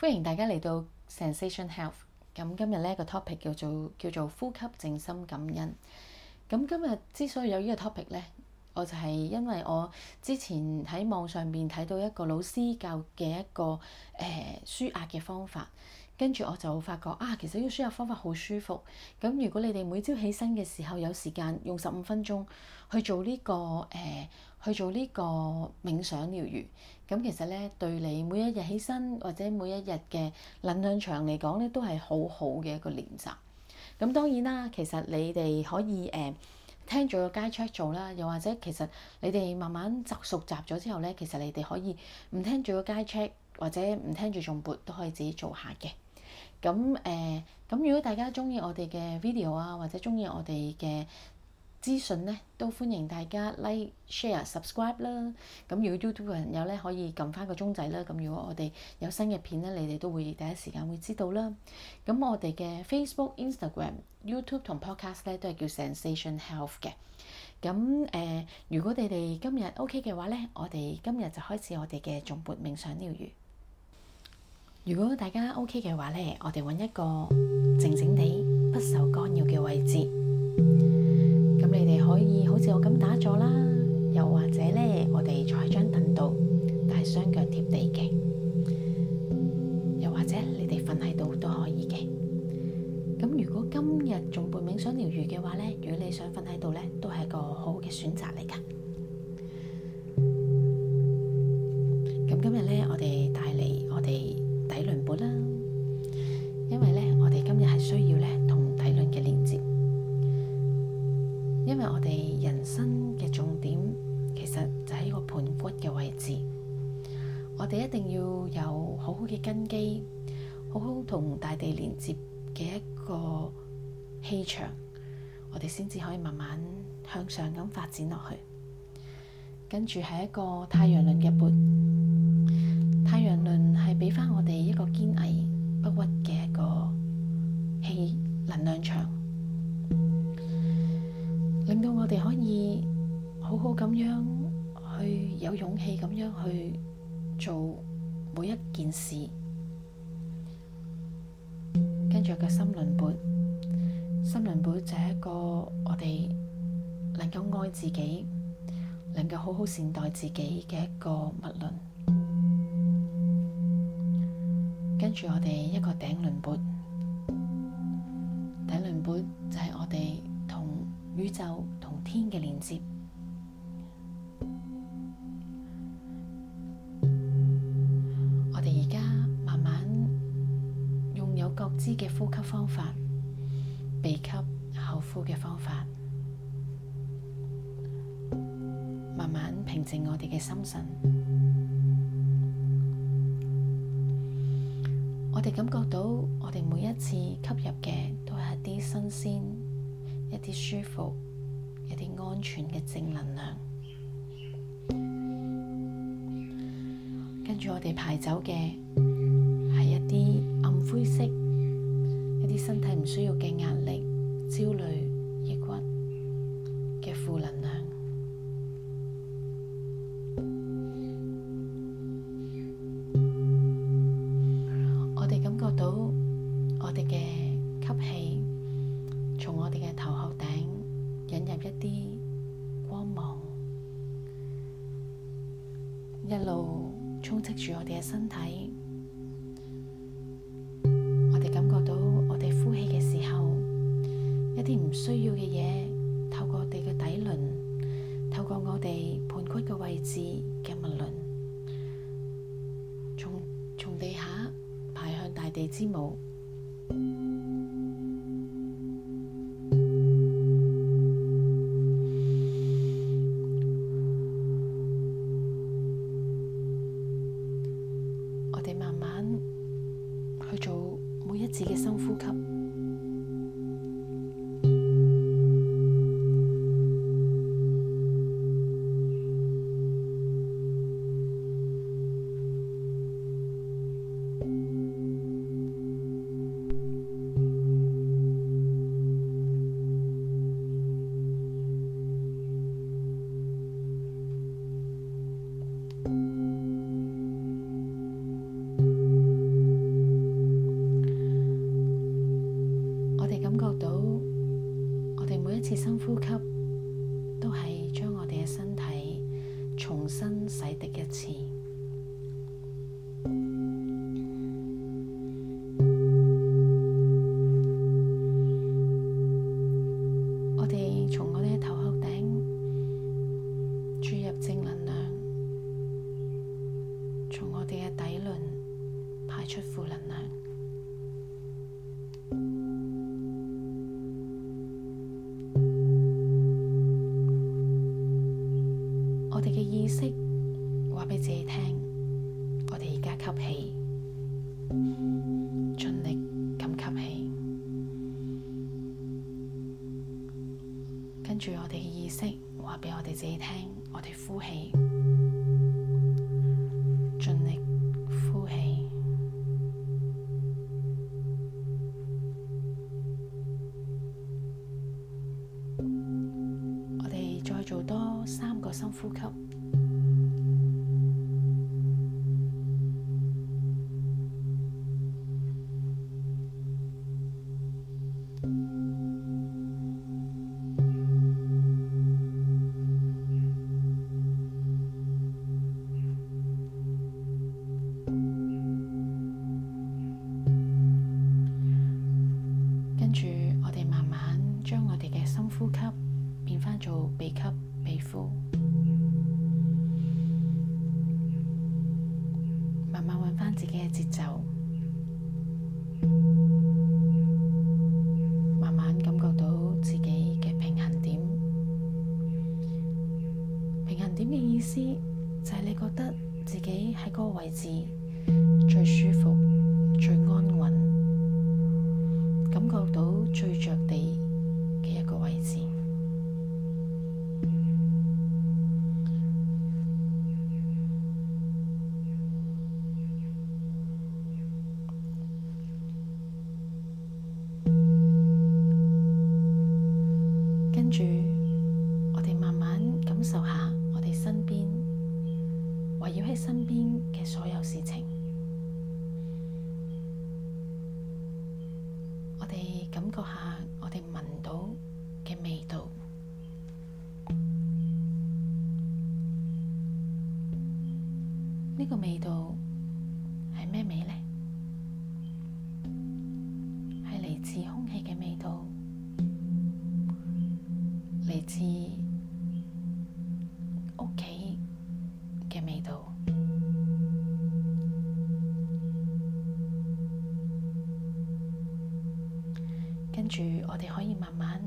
歡迎大家嚟到 Zensation Health。咁今日呢個 topic 叫做叫做呼吸、靜心、感恩。咁今日之所以有呢個 topic 呢，我就係因為我之前喺網上面睇到一個老師教嘅一個誒舒壓嘅方法。跟住我就發覺啊，其實呢個呼吸方法好舒服。咁如果你哋每朝起身嘅時候有時間，用十五分鐘去做呢、這個誒、呃、去做呢個冥想療癒，咁其實咧對你每一日起身或者每一日嘅能量場嚟講咧，都係好好嘅一個練習。咁當然啦，其實你哋可以誒、呃、聽住個 guide track 做啦，又或者其實你哋慢慢習熟習咗之後咧，其實你哋可以唔聽住個 guide track 或者唔聽住頌缽都可以自己做下嘅。咁誒，咁、呃、如果大家中意我哋嘅 video 啊，或者中意我哋嘅資訊咧，都歡迎大家 like、share、subscribe 啦。咁如果 YouTube 嘅朋友咧，可以撳翻個鐘仔啦。咁如果我哋有新嘅片咧，你哋都會第一時間會知道啦。咁我哋嘅 Facebook、Instagram、YouTube 同 Podcast 咧，都係叫 Zensation Health 嘅。咁誒、呃，如果你哋今日 OK 嘅話咧，我哋今日就開始我哋嘅頌缽冥想療癒。如果大家 OK 嘅話咧，我哋揾一個靜靜地。一定要有好好嘅根基，好好同大地連接嘅一個氣場，我哋先至可以慢慢向上咁發展落去。跟住係一個太陽輪嘅缽，太陽輪係畀返我哋一個堅毅。愛自己，能夠好好善待自己嘅一個物輪，跟住我哋一個頂輪缽，頂輪缽就係我哋同宇宙、同天嘅連接。我哋而家慢慢用有覺知嘅呼吸方法。心神，我哋感覺到我哋每一次吸入嘅都係啲新鮮、一啲舒服、一啲安全嘅正能量，跟住我哋排走嘅係一啲暗灰色、一啲身體唔需要嘅壓力、焦慮。一路充斥住我哋嘅身體，我哋感覺到我哋呼氣嘅時候，一啲唔需要嘅嘢透過我哋嘅底輪，透過我哋盤骨嘅位置嘅脈輪，從從地下排向大地之母。將我哋嘅深呼吸變翻做鼻吸鼻呼，慢慢揾翻自己嘅節奏。味道，跟住我哋可以慢慢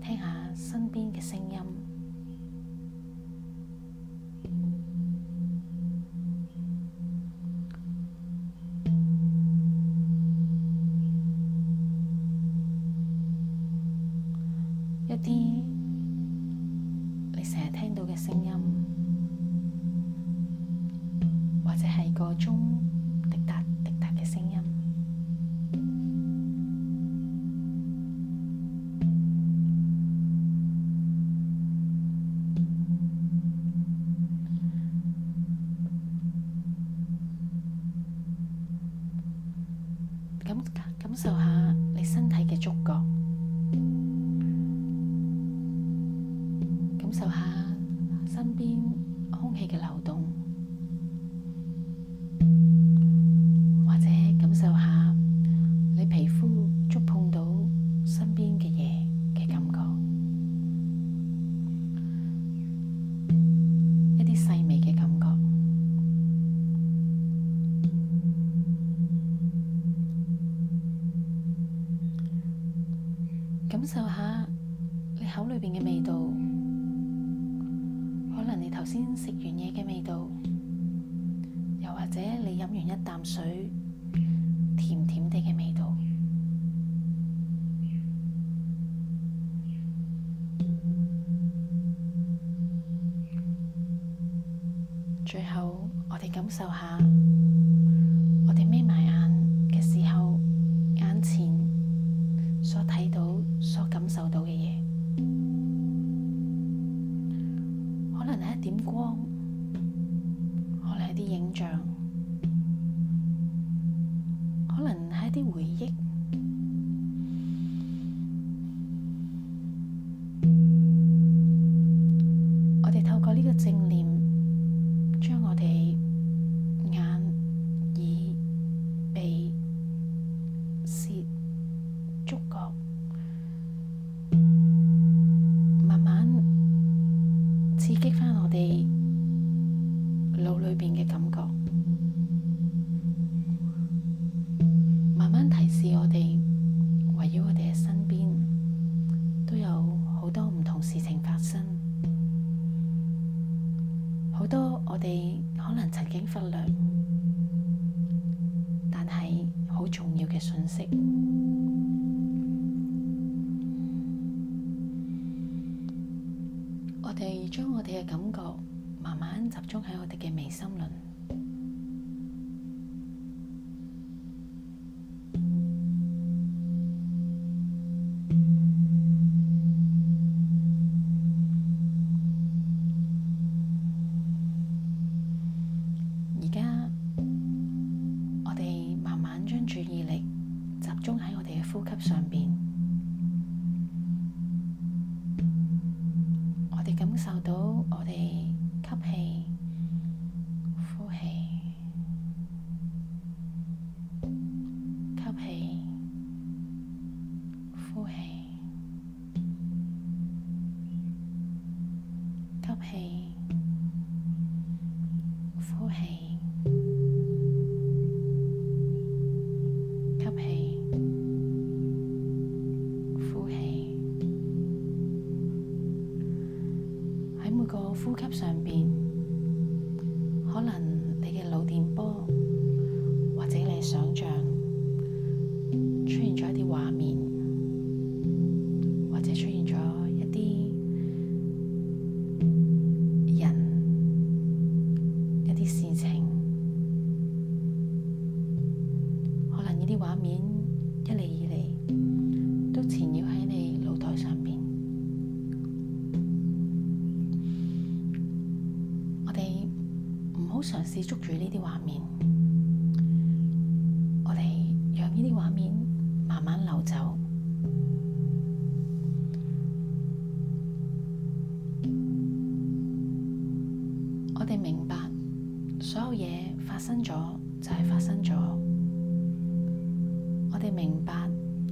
聽下身邊嘅聲音。裏面嘅味道，可能你頭先食完嘢嘅味道，又或者你飲完一啖水，甜甜地嘅味道。最後，我哋感受下。點光，可能係啲影像。呼吸上邊。發生咗就係發生咗，我哋明白，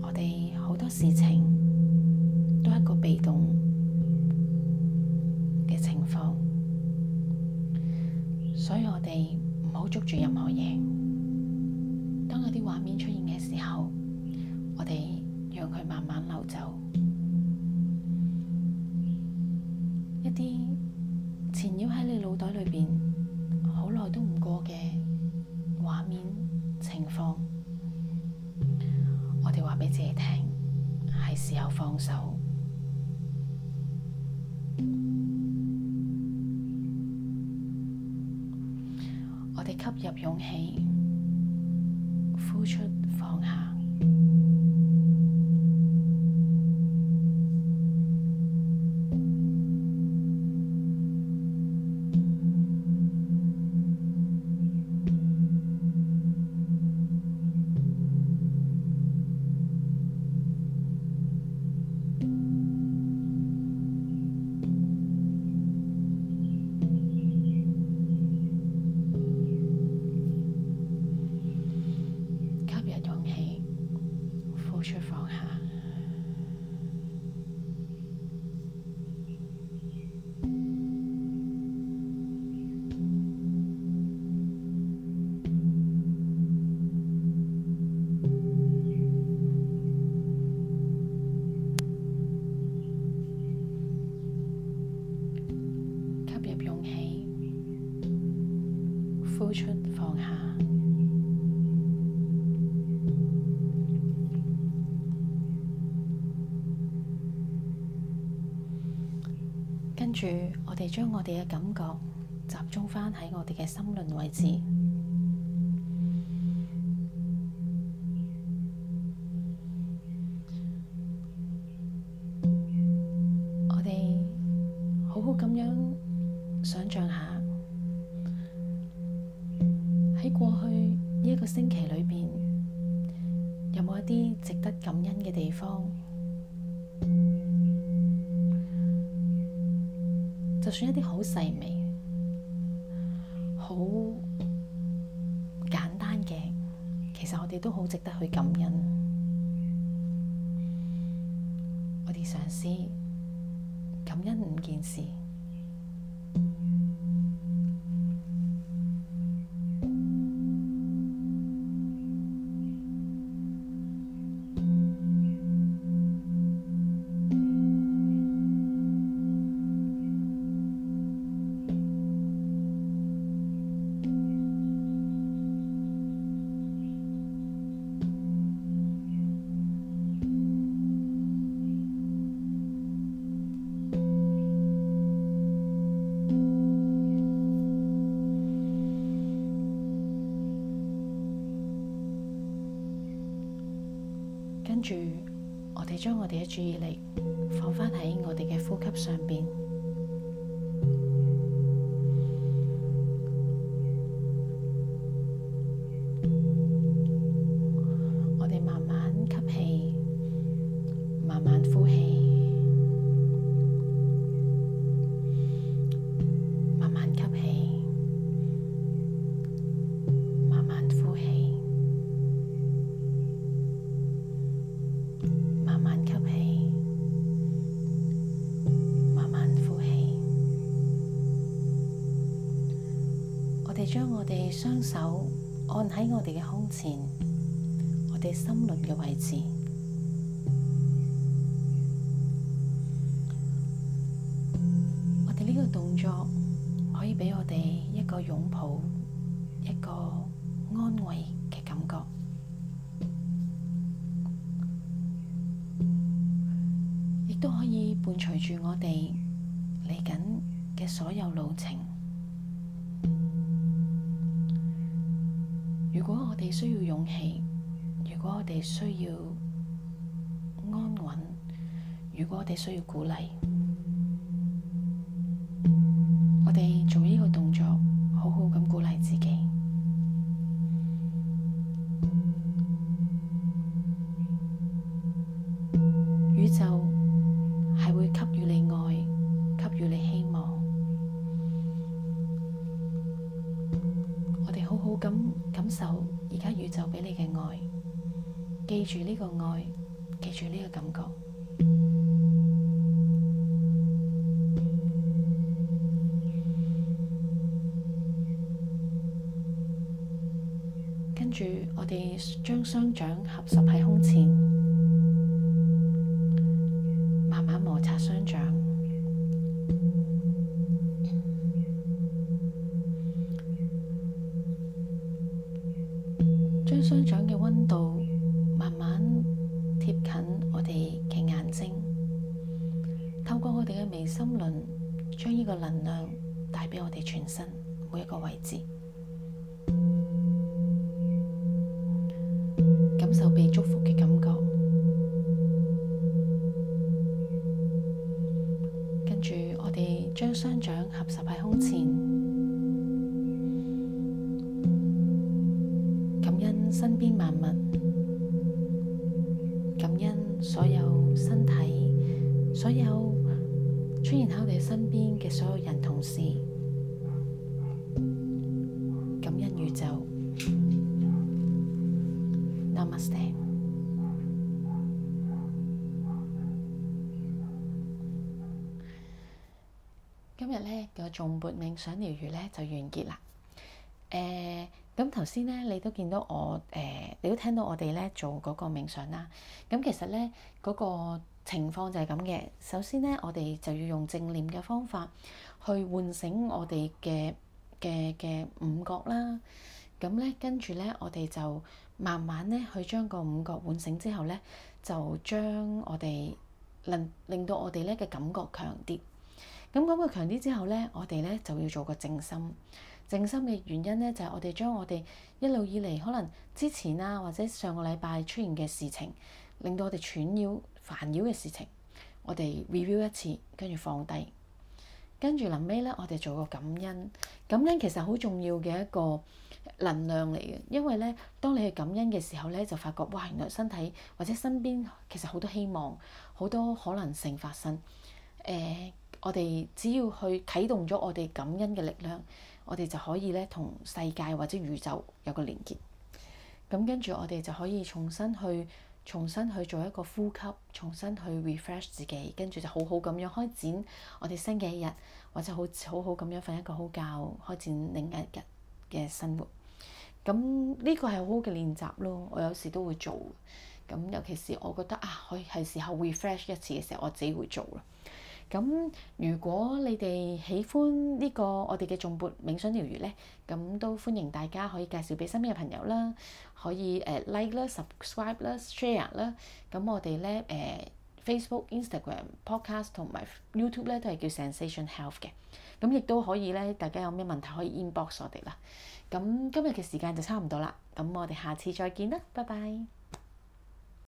我哋好多事情都係一個被動嘅情況，所以我哋唔好捉住任何嘢。當有啲畫面出現嘅時候，我哋讓佢慢慢流走，一啲纏繞喺你腦袋裏邊。都唔過嘅畫面情況，我哋話畀自己聽，係時候放手。我哋吸入勇氣，呼出。跟住，我哋將我哋嘅感覺集中返喺我哋嘅心輪位置。就算一啲好細微、好簡單嘅，其實我哋都好值得去感恩。我哋嘗試感恩五件事。住，我哋將我哋嘅注意力放翻喺我哋嘅呼吸上邊。雙手按喺我哋嘅胸前，我哋心輪嘅位置。我哋呢個動作可以畀我哋一個擁抱，一個安慰嘅感覺，亦都可以伴隨住我哋嚟緊嘅所有路程。我哋需要勇氣，如果我哋需要安穩，如果我哋需要鼓勵。愛，記住呢個愛，記住呢個感覺。跟住，我哋將雙掌合十喺胸前。俾我哋全身每一個位置。今日咧個頌缽冥想療癒咧就完結啦。誒、呃，咁頭先咧你都見到我誒、呃，你都聽到我哋咧做嗰個冥想啦。咁、嗯、其實咧嗰、那個情況就係咁嘅。首先咧，我哋就要用正念嘅方法去喚醒我哋嘅嘅嘅五覺啦。咁咧跟住咧，我哋就慢慢咧去將個五覺喚醒之後咧，就將我哋令令到我哋咧嘅感覺強啲。咁咁嘅強啲之後呢，我哋呢就要做個靜心。靜心嘅原因呢，就係我哋將我哋一路以嚟可能之前啊，或者上個禮拜出現嘅事情，令到我哋串擾煩擾嘅事情，我哋 review 一次，跟住放低，跟住臨尾呢，我哋做個感恩。感恩其實好重要嘅一個能量嚟嘅，因為呢，當你去感恩嘅時候呢，就發覺哇，原來身體或者身邊其實好多希望，好多可能性發生，誒、呃。我哋只要去啟動咗我哋感恩嘅力量，我哋就可以咧同世界或者宇宙有個連結。咁跟住我哋就可以重新去重新去做一個呼吸，重新去 refresh 自己，跟住就好好咁樣開展我哋新嘅一日，或者好好好咁樣瞓一個好覺，開展另一日嘅生活。咁呢個係好好嘅練習咯，我有時都會做。咁尤其是我覺得啊，可以係時候 refresh 一次嘅時候，我自己會做咯。咁如果你哋喜歡呢個我哋嘅頌缽冥想療癒呢，咁都歡迎大家可以介紹俾身邊嘅朋友啦，可以誒、呃、like 啦、subscribe 啦、share 啦。咁我哋呢誒、呃、Facebook Instagram, Podcast, 呢、Instagram、Podcast 同埋 YouTube 呢都係叫 Zensation Health 嘅。咁亦都可以呢，大家有咩問題可以 inbox 我哋啦。咁今日嘅時間就差唔多啦，咁我哋下次再見啦，拜拜。